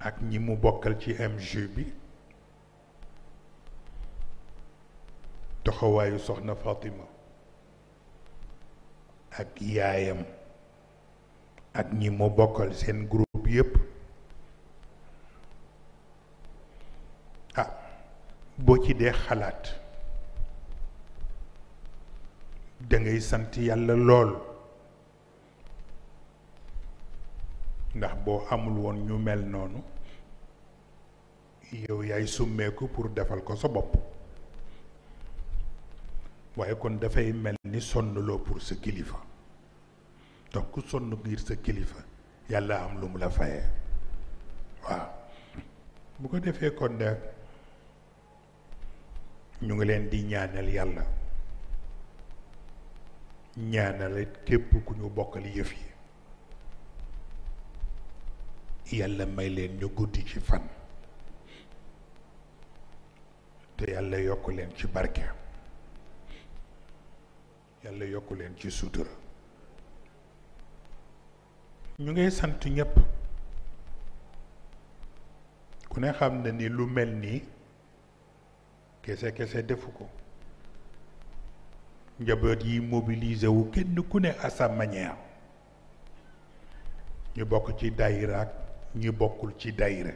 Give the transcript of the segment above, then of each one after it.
ak ñi mu bokkal ci MG bi taxawaayu soxna Fatima ak yaayam ak ñi mu bokkal seen group yépp ah boo ci dee xalaat da ngay sant yàlla lool boo amul woon ñu mel noonu yow yaay summeeku pour defal ko sa bopp waaye kon dafay mel ni sonnloo pour sa kilifa donc ku sonn ngir sa kilifa yàlla am lu mu la fayee waaw bu ko defee kon nag ñu ngi leen di ñaanal yàlla ñaanal képp ku ñu bokkal yëf yi yàlla may leen ñu guddi ci fan te yàlla yokk leen ci barke yàlla yokk leen ci sutura ñu ngay sant ñépp ku ne xam na ni lu mel nii kese kese defu ko njaboot yi mobilisé wu kenn ku ne à ñu bokk ci daayira ñi bokkul ci dayre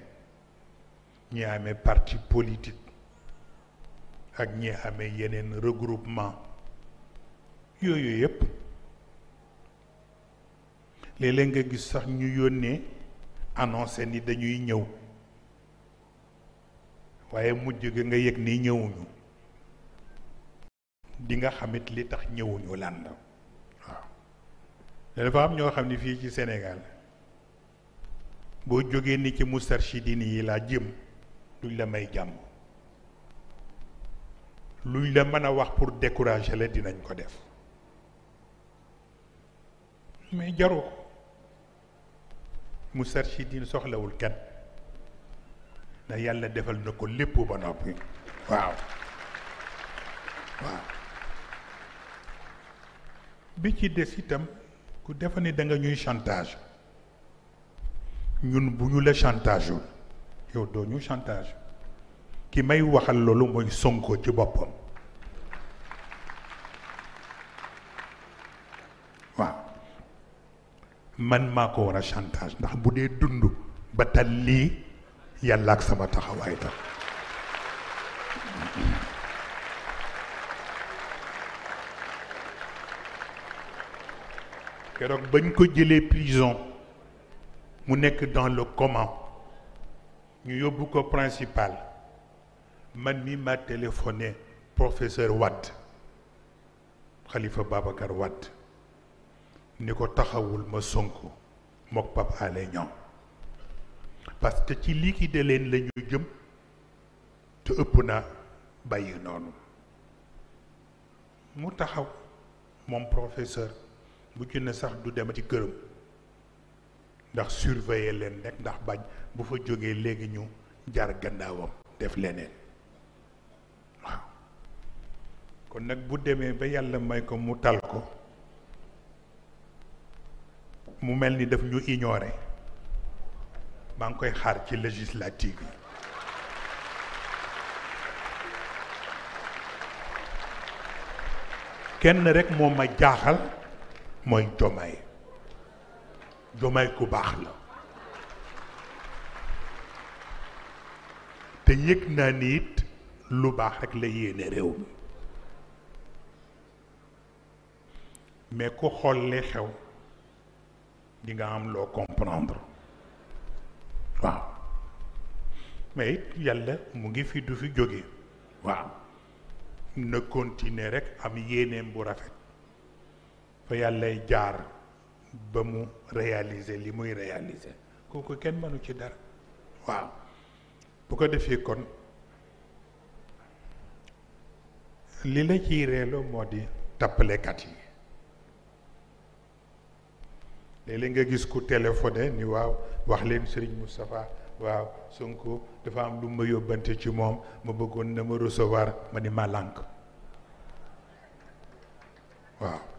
ñi amee parti politique ak ñi amee yeneen regroupement yooyu yépp léeg nga gis sax ñu yónnee annoncé ni dañuy ñëw waaye mujj gi nga yëg ni ñëwuñu di nga xamit li tax ñëwuñu lan la waaw dafa am ñoo xam ne fii ci Sénégal boo jógee ni ci mustarshidin yi laa jëm luñ la may jàmm luñ la mën a wax pour décourager la dinañ ko def mais jaru ko mustarshidin soxlawul kenn ndax yàlla defal na ko lépp ba noppi waaw waaw bi ci des itam ku defa ni da ñuy chantage ñun bu ñu la chantage wul yow doo ñu chantage ki may waxal loolu mooy Sonko ci boppam waaw man maa ko war a chantage ndax bu dee dund ba tal lii yàlla ak sama taxawaay tax keroog bañ ko jëlee prison mu nekk dans le comment ñu yóbbu ko principal man mi ma téléphoné professeur Wade Khalifa Babacar Wade ni ko taxawul ma Sonko mook Pape Alé Niang parce que ci liquide leen la ñu jëm te ëpp naa bàyyi noonu mu taxaw moom professeur bu ci sax du dem ci këram ndax surveiller leen rek ndax bañ bu fa jógee léegi ñu jar gannaawam def leneen kon nag bu demee ba yàlla may ko mu tal ko mu mel ni daf ñu ignoré maa ngi koy xaar ci législative yi kenn rek moo ma jaaxal mooy jomaay Diomaye ku baax la te yëg naa nit lu baax rek la yéene réew mi mais ku xool li xew dinga nga am loo comprendre waaw mais yàlla mu ngi fi du fi jóge waaw na continuer rekk am yéeneem bu rafet fa yàllay jaar ba mu réaliser li muy réaliser kooku kenn mënu ci dara waaw bu ko defee kon li la ciy reeloo moo di tappalekat yi léeg-léeg nga gis ku téléphoné ni waaw wax leen Serigne Moustapha waaw Sonko dafa am lu ma yóbbante ci moom ma bëggoon na ma recevoir ma ni ma lànk waaw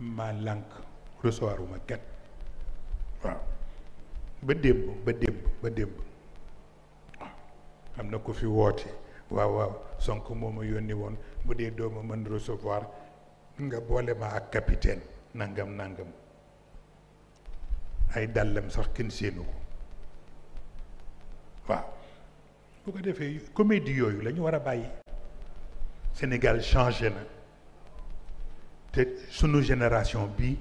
maa lànk recevoir wu kenn waaw ba démb ba démb ba démb am na ko fi woote waaw waaw Sonko moo ma yónni woon bu dee doo ma mën nga boole ma ak capitaine nangam nangam ay dàllam sax kenn séenu ko waaw bu ko defee comédie yooyu lañu war a bàyyi Sénégal changé na te sunu génération bi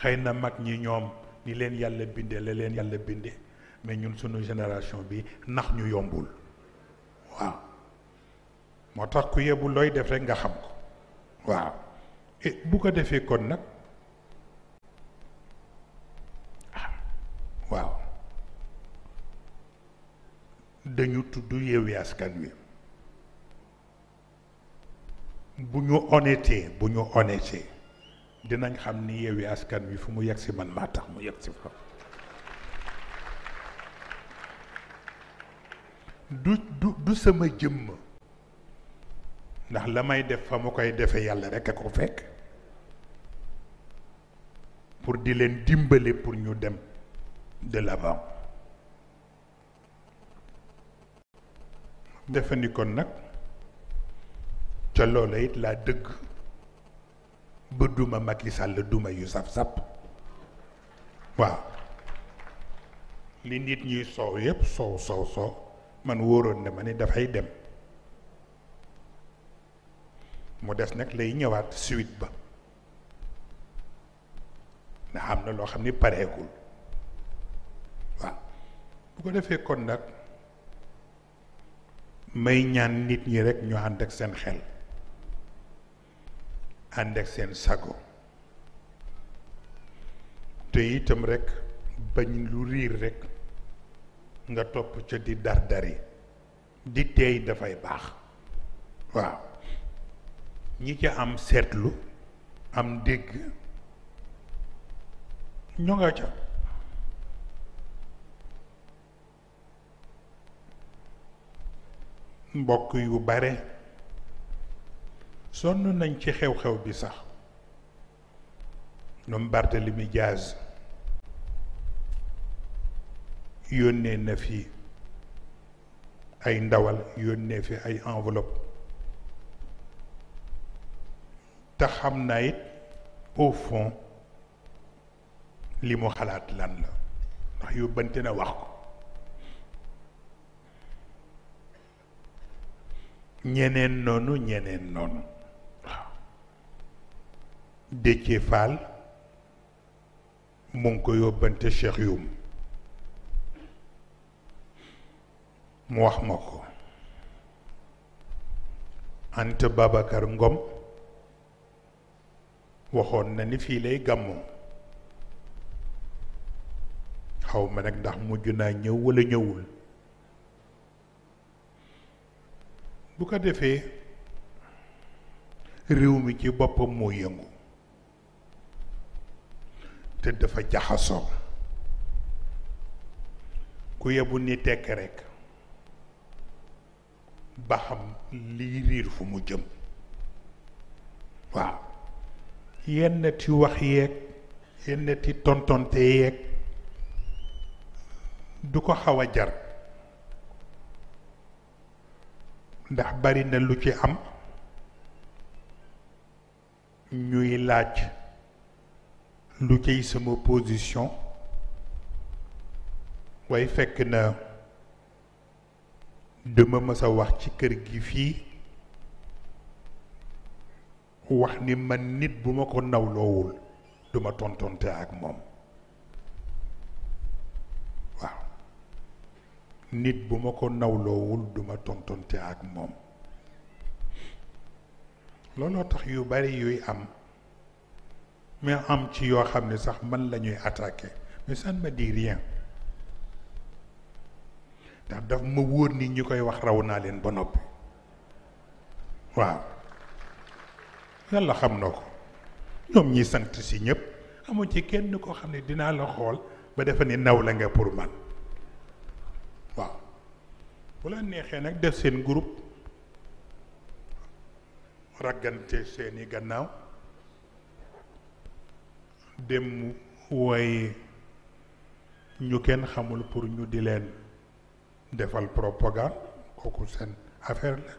xëy na mag ñi ñoom ni leen yàlla bindee la leen yàlla bindee mais ñun sunu génération bi nax ñu yombul waaw moo tax ku yebu looy def rek nga xam ko waaw e, bu ko defee kon nag waaw dañu tudd yeewi askan wi bu ñu honnêté bu ñu honnêté dinañ xam ni Yewwi Askan Wi fu mu yegg si man maa tax mu yegg si fa du du sama jëmm ndax la may def fa mu koy defe yàlla rek a ko fekk pour di leen dimbale pour ñu dem de defe ni kon nag te loola it laa dëgg ba duma Macky Sall duma yu sap-sap waaw li nit ñuy soow yépp soow soow soow man wóoroon na ma ni dafay dem mu des nag lay ñëwaat suite ba ndax am na loo xam ni pareegul waaw bu ko defee kon nag may ñaan nit ñi rek ñu ànd ak seen xel ànd ak seen sago te itam rekk bëñ lu riir rekk nga topp ca di dardari di tey dafay baax waaw ñi ca am seetlu am dégg ñu nga ca mbokk yu bare sonn nañ ci xew-xew bi sax ñoom Barthélemy Diaz yónnee na fi ay ndawal yónnee fi ay enveloppe te xam naa it au fond li mu xalaat lan la ndax yóbbante na wax ko ñeneen noonu ñeneen noonu Déthié Fall mu ngi ko yóbbante Cheikh Youm mu wax ma ko Anta Babacar Ngom waxoon na ni fii lay gàmmoo xaw ma nag ndax mujj naa ñëw walla ñëwul bu ko defee réew mi ci boppam moo yëngu te dafa jaxasoo ku yebu ni tekk rekk ba xam liy riir fu mu jëm waaw yenn ti wax yeeg yenn ti tontonte yeeg du ko xaw a jar ndax bari na lu ci am ñuy laaj lu cëy sama position way fekk na dama mës a wax ci kër gi fii wax ni man nit bu ma ko nawloowul duma tontonte ak moom waaw nit bu ma ko nawloowul duma tontonte ak moom looloo tax yu bari yuy am mais am ci yoo xam ne sax man lañuy ñuy attaqué mais ça ma me rien ndax daf ma wóor ni ñi koy wax raw naa leen ba noppi waaw yàlla xam na ko ñoom ñi sant si ñëpp amu ci kenn koo xam ne dinaa la xool ba defe ne naw la nga pour man waaw bu la neexee nag def seen groupe raggante seeni gannaaw dem wooye ñu kenn xamul pour ñu di leen defal propagande kooku seen affaire la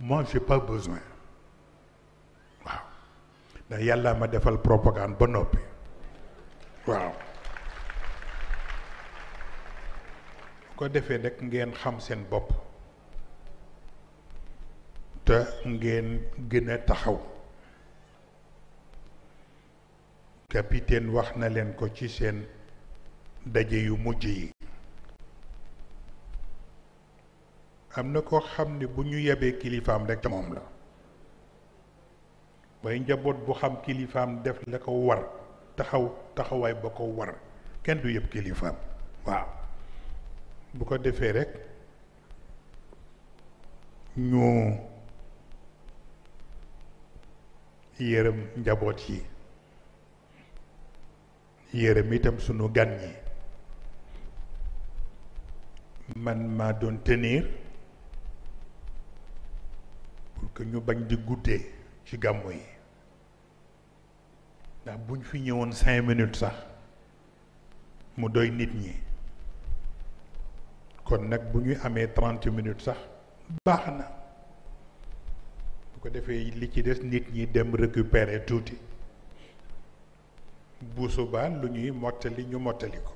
moi j'ai pas besoin waaw ndax yàlla ma defal propagande ba noppi waaw ko defee nag ngeen xam seen bopp te ngeen gën taxaw capitaine wax na leen ko ci seen daje yu mujj yi am na koo xam ne bu ñu yebee kilifaam rek ca moom la waaye njaboot bu xam kilifaam def la ko war taxaw taxawaay ba ko war kenn du yëpp kilifaam waaw bu ko defee rek ñu yërëm njaboot yi yërëm itam sunu gan ñi man maa doon tenir pour que ñu bañ di guddee ci gàmmu yi ndax buñ fi ñëwoon cinq minutes sax mu doy nit ñi kon nag bu ñuy amee trente minutes sax baax na bu ko defee li ci des nit ñi dem récupérer tuuti bu baan lu ñuy mottali ñu mottali ko